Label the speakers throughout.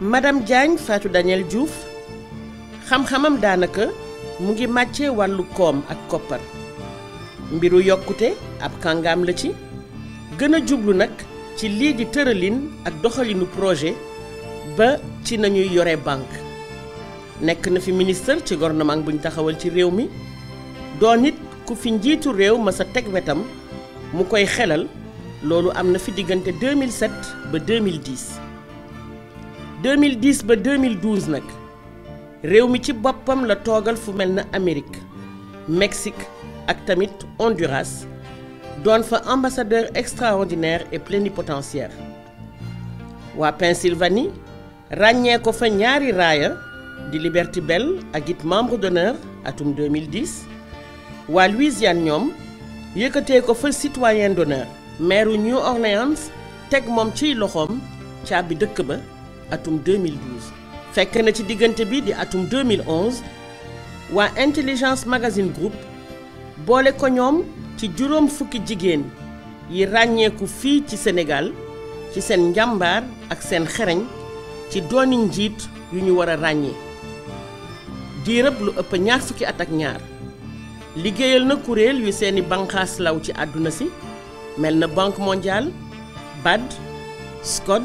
Speaker 1: madame Diagne Fatou danielle Diouf xam-xamam daanaka mu ngi màccee wàllu koom ak koppar mbiru yokkute ab kàngaam la ci gën a jublu nag ci lii di tëralin ak doxalinu projet ba ci nañuy yore banque nekk na fi ministre ci gouvernement buñu taxawal ci réew mi doon it ku fi njiitu réew ma sa teg wetam mu koy xelal loolu am na fi diggante 2007 ba 2010 2010 2012 nag réew mi ci boppam la toogal fu Amérique Mexique ak tamit Honduras doon fa ambassadeur extraordinaire et plénipotentiaire waa Pennsylvanie ràññee ko fa ñaari de di Liberty Bell ak it membre d'honneur atum 2010 waa Louisiane ñoom yëkkatee ko fa citoyen d'honneur maire New Orleans teg moom ciy loxoom caabi ba atum 2012 fekk na ci diggante bi di atum 2011 waa Intelligence Magazine Group boole ko ñoom ci juróom fukki jigéen yi ràññeeku fii ci senegal ci seen njàmbaar ak seen xereñ ci dooni njiit yu ñu war a ràññee diirëb lu ëpp ñaar fukki at ak ñaar liggéeyal na kuréel yu seeni banqaas law ci àdduna si mel na bank mondiale BAD SCOD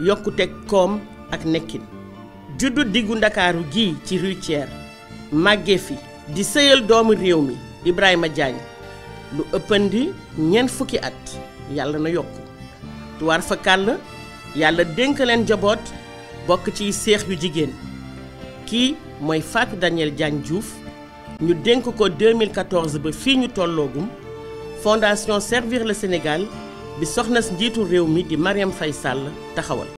Speaker 1: Yokutek kom aknekin. nekkin juddu diggu ndakaaru gi ci Rue màggee fi di seyel doomu réew Ibrahima lu ëppandi fukki at yàlla na yokk tuwaar fa kàll yàlla dénk leen njaboot bokk ci seex yu jigéen Daniel Diagne Diouf ñu 2014 ba fii ñu fondation Servir le Sénégal bi soxna njiitu di Mariam Faisal Sall